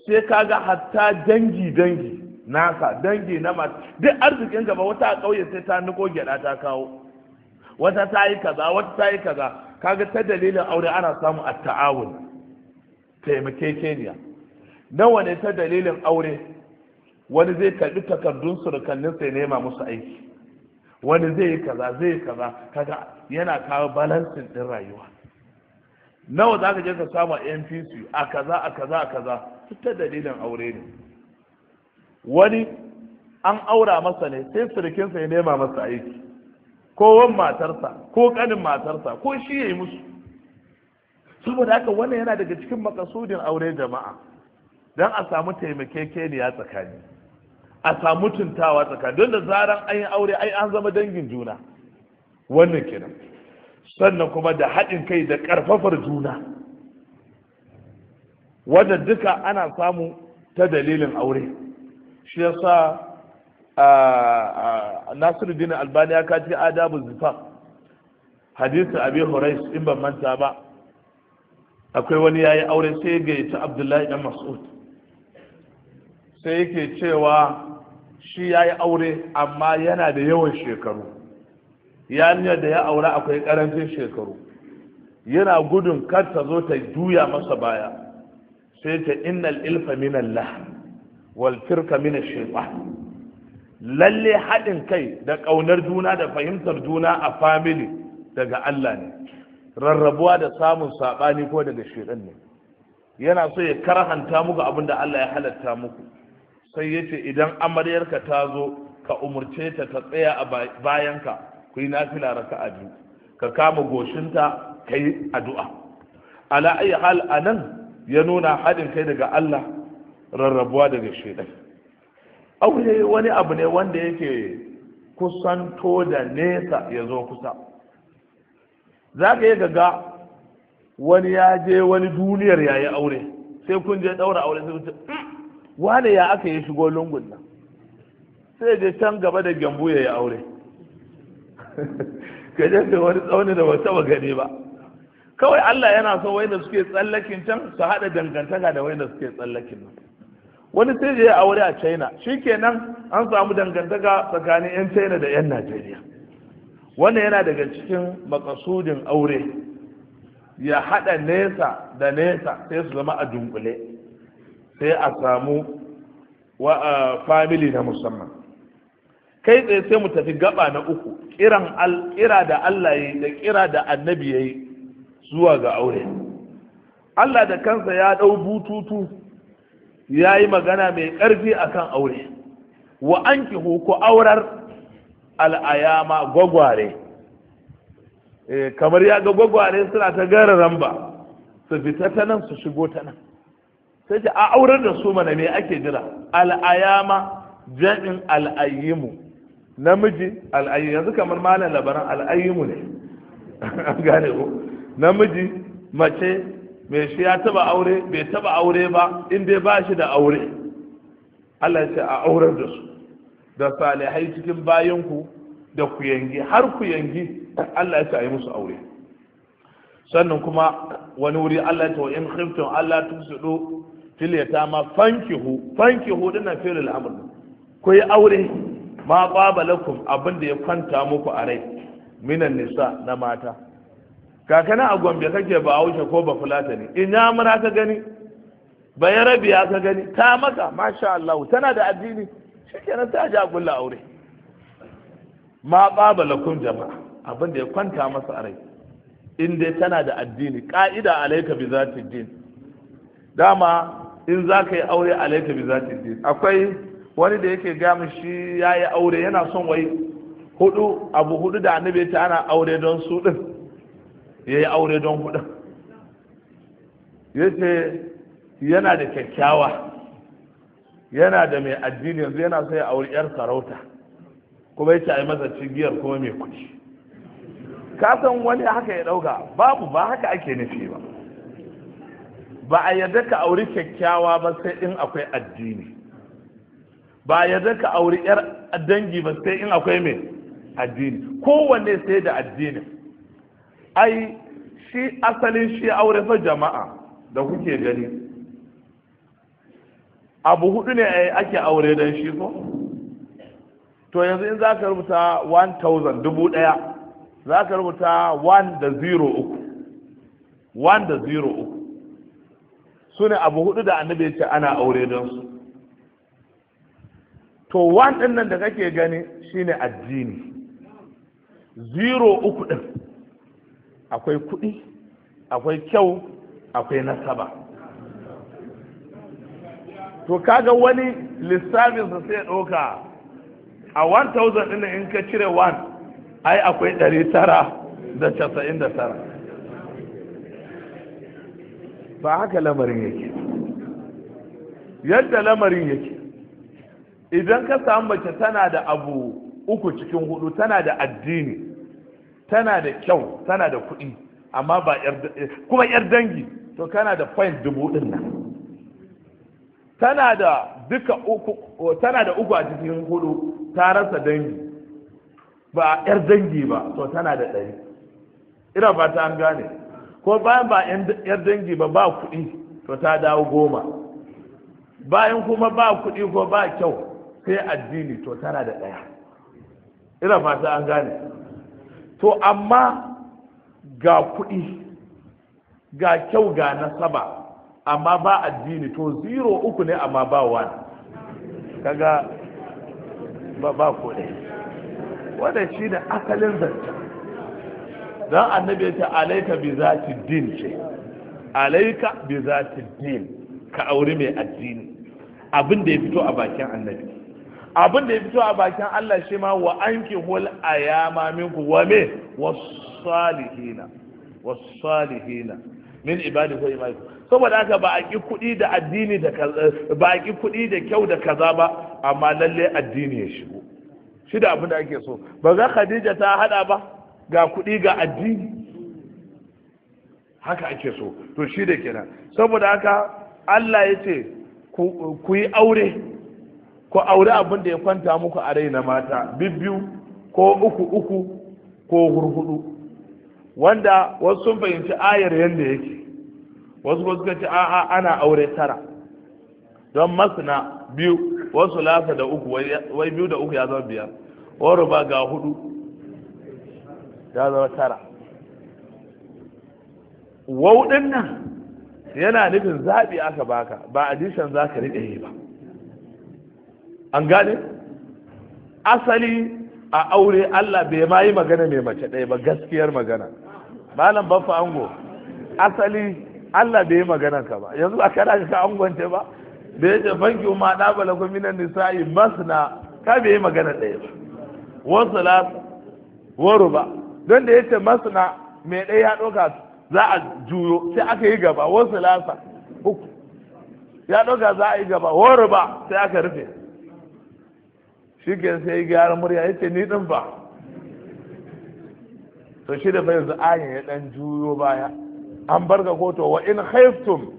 sai ka ga hatta dangi dangi nasa dangi na masu duk arzikinka ba wata a ƙauye sai ta niko gyaɗa ta kawo wata ta yi kaza wata ta yi kaza kaga ta dalilin aure ana samu a ta'awun taimakekeniya nawa ne ta dalilin aure wani zai karbi takardun surukannin sai nema musu aiki wani zai yi kaza zai yi kaza kaga yana kawo balansin din rayuwa nawa za ka je ka samu npc a kaza a kaza a kaza ta dalilin aure ne wani an aura masa ne sai surukinsa ya nema masa aiki ko wan matarsa ko kanin matarsa ko shi ya yi musu saboda haka wannan yana daga cikin makasudin aure jama'a don a samu taimakekeniya tsakani a samu tuntawa tsakani don da zaran an yi aure ai an zama dangin juna wannan kenan sannan kuma da haɗin kai da ƙarfafar juna wanda duka ana samu ta dalilin aure shi yasa nasiruddin albani ya kaji adabu zifaf hadisin abi horais in ban manta ba akwai wani ya yi aure sai ta abdullahi dan mas'ud sai yake cewa shi ya yi aure amma yana da yawan shekaru yanyar da ya aura akwai karancin shekaru yana gudun kar ta zo ta juya masa baya sai ta innal ilfa min Allah wal firka min shaytan lalle haɗin kai da ƙaunar juna da fahimtar juna a famili daga Allah ne rarrabuwa da samun saɓani ko daga shirin ne yana so ya karhanta muku abin da Allah ya halatta muku sai ya ce idan amaryarka ta zo ka umarce ta ta tsaya a bayanka ku yi nafila raka a biyu ka kama goshinta ka yi addu'a ala ayi hal anan ya nuna haɗin kai daga Allah rarrabuwa daga shaidan aure wani abu ne wanda yake kusanto da nesa ya zo kusa za ka yi gaga wani ya je wani duniyar ya yi aure sai kun je ɗaura aure sai wuce mm, wane ya aka yi shigo lungun nan sai je can gaba da gyambu ya yi aure ka je da wani tsauni da ba gani ba kawai Allah yana so wai suke tsallakin can su haɗa dangantaka da wai suke tsallakin nan wani sai da ya aure a china shikenan an samu dangantaka tsakanin 'yan china da 'yan najeriya wannan yana daga cikin makasudin aure ya hada nesa da nesa sai su zama a dunkule sai a samu family na musamman kai tsaye sai mu tafi gaba na uku kiran kira da allah yi da kira da annabi yayi zuwa ga aure allah da kansa ya dau bututu ya yi magana mai ƙarfi akan aure wa an ku aurar al'ayama gwagware eh, kamar ya ga gwagware suna ta gara ramba su fita ta nan su shigo ta nan sai ce a aurar da su mana me ake jira al'ayama jami'in al'ayyimu namiji al'ayyi yanzu kamar malam labaran al'ayyimu ne gane ko namiji mace mai shi ya taba aure bai taba aure ba in dai ba shi da aure Allah ya ce a aurar da su da salihai cikin bayanku da ku yangi har ku yangi Allah ya ce a yi musu aure sannan kuma wani wuri Allah ya ce wa in khiftum Allah tusidu fil yatama fankihu fankihu dinnan fil al'amur ku yi aure ma qabalakum abin da ya kwanta muku a rai minan nisa na mata kakana a gombe kake ba haushe ko ba fulata ne in yamura ka gani bayan rabiya ka gani ta maka masha Allah tana da addini shikenan ta ji agulla aure ma babala kun jama'a abin da ya kwanta masa rai in dai tana da addini ka'ida alaika bi zati din dama in za ka yi aure alaika bi zati din akwai wani da yake gamin shi ya yi aure yana son wai hudu abu hudu da annabi ta ana aure don su din ya yi aure don kudin ya ce yana da kyakkyawa yana da mai addini yanzu yana sai ya auri 'yar sarauta kuma yake ai masa cigiyar kuma mai kuɗi kasan wani haka ya ɗauka babu ba haka ake nufi ba ba a yarda ka auri kyakkyawa ba sai in akwai addini ba a yarda ka auri 'yar dangi ba sai in akwai mai addini kowanne sai da addinin ai shi asalin shi aure fa jama'a da kuke gani abu hudu ne eh, ake aure dan shi ko to yanzu in zaka rubuta 1000 dubu daya zaka rubuta 1 da 0 1 da 0 su abu hudu da annabi ya ce ana aure dan su to 1 din nan da kake gani shine addini 03 din akwai kuɗi akwai kyau akwai nasaba to kaga wani lissafin sa sai ɗauka a 1000 ɗin in ka cire 1 ai akwai 999 ba haka lamarin yake yadda lamarin yake idan ka samu mace tana da abu uku cikin hudu tana da addini tana da kyau tana da kuɗi amma ba eh, kuma yar dangi to kana da point dubu ɗin nan tana da duka uku tana da uku a cikin hudu ta rasa dangi ba yar dangi ba to tana da ɗari ina ba ta an gane ko bayan ba yar dangi ba ba kuɗi to ta dawo goma bayan kuma ba kuɗi ko ba kyau sai addini to tana da ɗaya ina fata an gane to amma ga kuɗi ga kyau ga nasaba amma ba addini to zero uku ne amma ba wani kaga ba ba kuɗi wadda shi da asalin zancen don annabi ta, Alayka alaika bi zati din ce alaika bi zati din ka auri mai addini abin da ya fito a bakin annabi abin da ya fito a bakin Allah shi ma wa ki hul ayama minku wa me wasalihina wasalihina min ibadi ko ima'iku? saboda haka ba a ki kuɗi da addini da kaza ba a ki kudi da kyau da kaza ba amma lalle addini ya shigo shi da abin da ake so ba za Khadija ta hada ba ga kuɗi ga addini haka ake so to shi da kenan saboda haka Allah ya ce ku yi aure Ko aure abin da ya kwanta muku a rai na mata bibbiyu ko uku uku ko hurhudu wanda wasu sun fahimci ayar yadda yake wasu ba suka ce a'a ana aure tara don masana biyu wasu lasa da uku wai biyu da uku ya zama biyar wani ba ga hudu ya zama tara wau nan yana nufin zaɓi aka baka ba addition za ka riƙe ba an gane asali a aure Allah bai ma yi magana mai mace ɗaya ba gaskiyar magana malam baffa ango asali Allah bai yi magana ka ba yanzu ba kana ka angonta ba da ya ce banki ma da bala ko minan nisa'i masna ka bai yi magana ɗaya ba wasu lasa waro ba don da ya ce masna mai ɗaya ya ɗauka za a juyo sai aka yi gaba wasu lasa uku ya ɗauka za a yi gaba waro ba sai aka rufe shi ke sai gyara murya ya ce ni din ba to shi da fa yanzu ayin ya dan juyo baya an barka koto wa in haiftum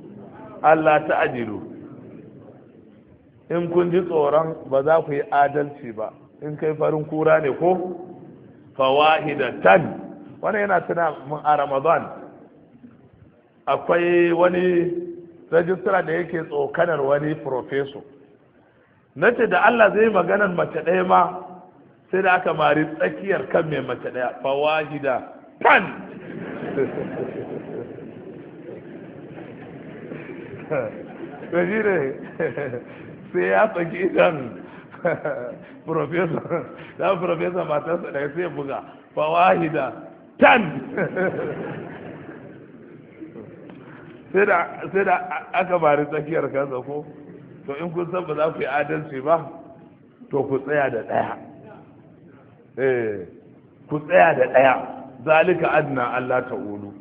Allah ta ajiru in kun ji tsoron ba za ku yi adalci ba in kai farin kura ne ko fawahidatan wani yana tuna mun a ramadan akwai wani rajistra da yake tsokanar wani profeso na ce da Allah zai maganar mace ɗaya ma sai da aka mari tsakiyar kan mai mace ɗaya fawahida pan ne sai ya tsaki idan profesa da professor matarsa ɗaya sai buga fawahida tan sai da aka mari tsakiyar kansa ko to in kun san ba za ku yi adalci ba to ku tsaya da ɗaya eh, ku tsaya da ɗaya zalika adna Allah ta'ulu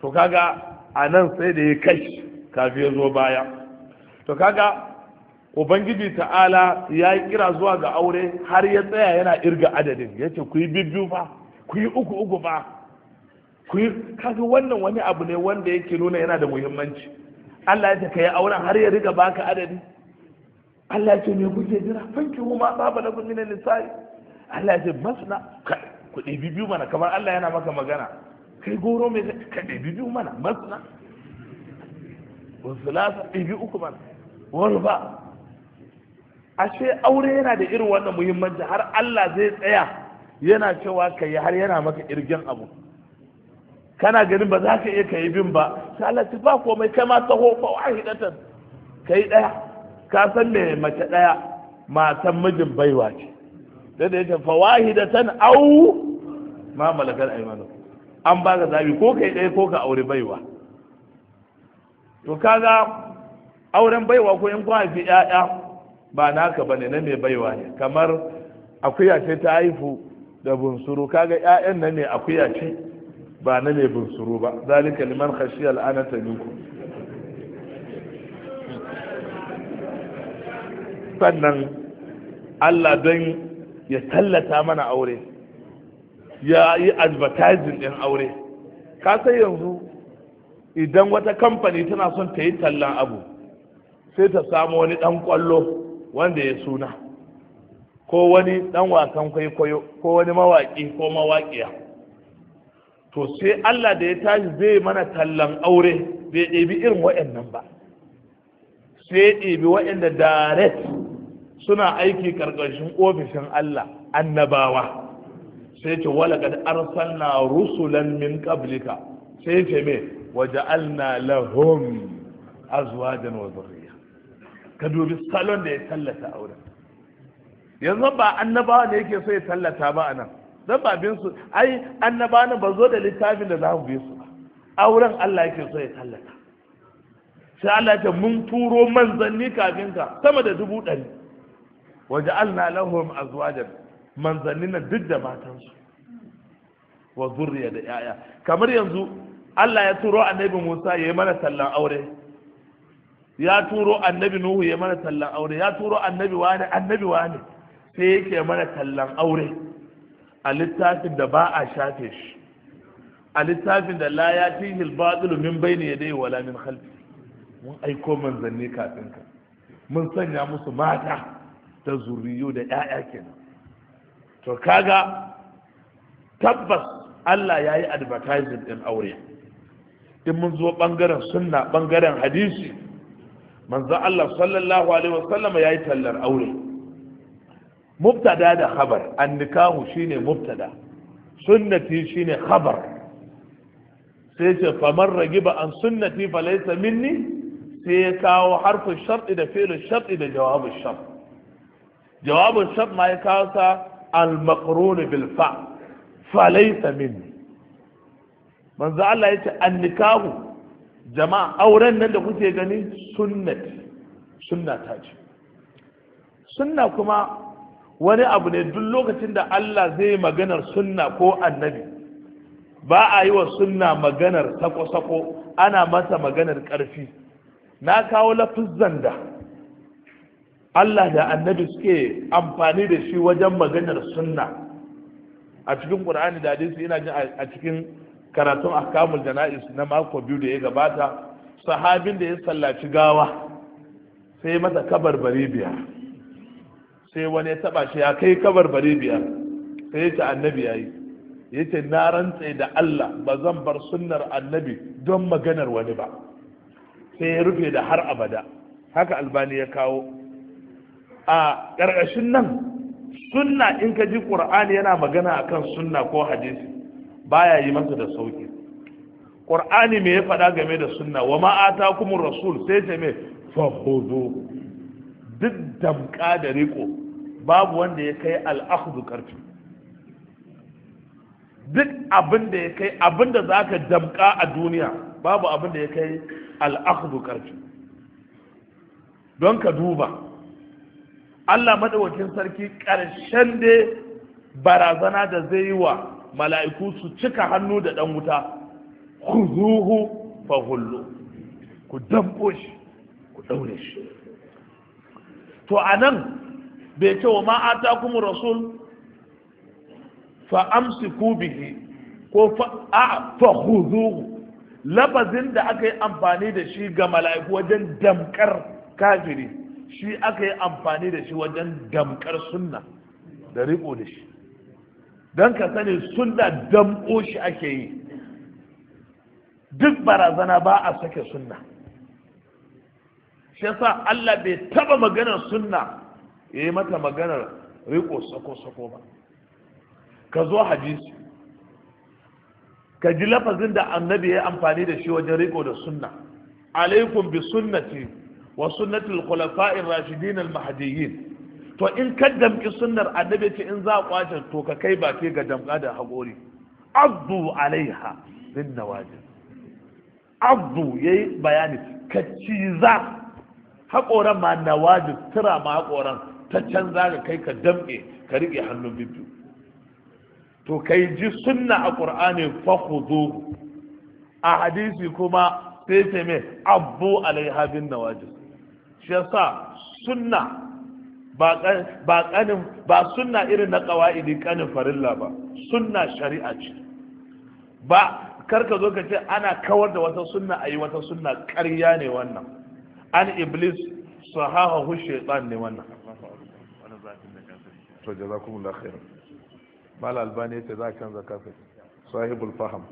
to kaga a nan sai da ya kai kafin ya zo baya to kaga ubangiji ta'ala ya yi kira zuwa ga aure har ya tsaya yana irga adadin ya ce ku yi biyu fa ku yi uku uku fa ku yi kaga wannan wani abu ne wanda yake nuna yana da muhimmanci Allah ya ce ka auren har ya riga baka adadi Allah ya ce me kuke jira fanki ma saba da kun lissafi Allah ya ce masna ku ɗebi biyu mana kamar Allah yana maka magana kai goro mai ka ɗebi biyu mana masna wasulasa ɗebi uku mana wani ba ashe aure yana da irin wannan muhimmanci har Allah zai tsaya yana cewa ka yi har yana maka irgen abu kana ganin ba za ka iya ka yi bin ba sai Allah ba komai kai ma taho fa wahidatan kai ɗaya ka san me mace ɗaya matan mijin baiwa ce sai da yake fawahidatan au ma malakar aymanu an baka zabi ko kai ɗaya ko ka aure baiwa to kaga auren baiwa ko in kwa fi 'ya'ya ba naka bane na mai baiwa ne kamar akuya ce ta haifu da bunsuru kaga 'ya'yan na mai akuya ce ba na mai bunsuru ba zalika liman khashiyal anata minkum sannan Allah don ya tallata mana aure ya yi advertising ɗin aure ka sai yanzu idan wata kamfani tana son ta yi tallan abu sai ta samu wani ɗan ƙwallo wanda ya suna ko wani ɗan wasan kwaikwayo ko wani mawaƙi ko mawaƙiya to sai Allah da ya tashi zai mana tallan aure bai ɗebi irin waɗannan ba sai ya ɗebi waɗanda direct suna aiki karkashin ofishin Allah annabawa sai ce wala kad arsalna rusulan min qablika sai ce me waja'alna lahum azwajan wa dhurriya ka dubi salon da ya tallata aure yanzu ba annabawa ne yake so ya tallata ba anan dan ba bin su ai annabawa ne ba zo da littafin da za mu bi su auren Allah yake so ya tallata sai Allah ya ce mun turo manzanni kafin ka sama da dubu ɗari waja'alna lahum azwajan manzannin duk da matansu wa zurriya da yaya kamar yanzu Allah ya turo annabi Musa ya yi mana sallan aure ya turo annabi Nuhu ya mana sallan aure ya turo annabi wani annabi wani sai yake mana sallan aure a littafin da ba a shafe shi a littafin da la ya tihi al-batil min bayni yadayhi wala min khalfi mun aiko manzanni kafin ka mun sanya musu mata da zuriyu da ƴaƴa kenan to kaga tabbas Allah ya yi advertising ɗin aure in mun zo bangaren sunna bangaren hadisi manzo Allah sallallahu alaihi wasallam ya yi tallar aure mubtada da khabar an nikahu shine mubtada sunnati shine khabar sai ce famar ragiba an sunnati falaysa minni sai ya kawo harfin sharɗi da fi'lin sharɗi da jawabin sharɗi jawabin shab ma ya kawo sa al fa fa manzo Allah yace ce annikahu jama'a auren nan da kuke gani sunnat, sunna ta ce sunna kuma wani abu ne duk lokacin da Allah zai maganar sunna ko annabi ba a yi wa sunna maganar sako-sako ana masa maganar ƙarfi na kawo lafizan da Allah da annabi suke amfani da shi wajen maganar sunna a cikin qur'ani da hadisi ina jin a cikin karatun ahkamul jana'is na mako biyu da ya gabata sahabin da ya sallaci gawa sai masa kabar bari biyar sai wani ya taba shi ya kai kabar bari biyar sai ya annabi yayi ya ce na rantse da Allah ba zan bar sunnar annabi don maganar wani ba sai ya rufe da har abada haka albani ya kawo a ƙarƙashin nan sunna in ka ji ƙur'ani yana magana a kan sunna ko hadisi baya yi masa da sauƙi. ƙur'ani me ya faɗa game da sunna wa ma'ata kuma rasul sai ta mai fahudu duk damƙa da riko babu wanda ya kai al'ahudu ƙarfi duk abin da ya kai abin da za ka damƙa a duniya babu abin da ya kai al'ahudu ƙarfi don ka duba Allah madawacin sarki ƙarshen dai barazana da zai yi wa mala'iku su cika hannu da ɗan wuta ku fa hullu ku dambo shi ku ɗaure shi to a nan bai ce wa ma'ata kuma rasul fa amsi ku bihi ko fa huzuhu lafazin da aka yi amfani da shi ga mala'iku wajen damkar kafiri shi aka yi amfani da shi wajen damkar sunna da riko da shi don ka sani sunna damko shi ake yi duk barazana ba a sake sunna shi yasa Allah bai taba maganar sunna ya yi mata maganar riko sako-sako ba ka zo hadisi ka ji lafazin da annabi ya yi amfani da shi wajen riko da sunna alaikum bi sunnati wa sunnatul khulafa'ir rashidin al mahadiyyin, to in ka damki sunnar annabi ce in za kwace to ka kai ba ke ga damka haƙori abdu alaiha bin nawajib abdu yayi bayani ka ciza haƙoran ma nawajib tira ma haƙoran ta canza ka kai ka damƙe ka riƙe hannun bibbiyu to kai ji sunna a ƙur'ani fahudu a hadisi kuma sai ce mai abu alaiha bin nawajib shi yasa sunna ba kanin ba sunna irin na qawaidi kanin farilla ba sunna shari'a ce ba karka zo ka ce ana kawar da wata sunna ayi wata sunna ƙarya ne wannan an iblis sahaha hu shaytan ne wannan to jazakumullahu khairan mal albani ta za kan zakafin sahibul faham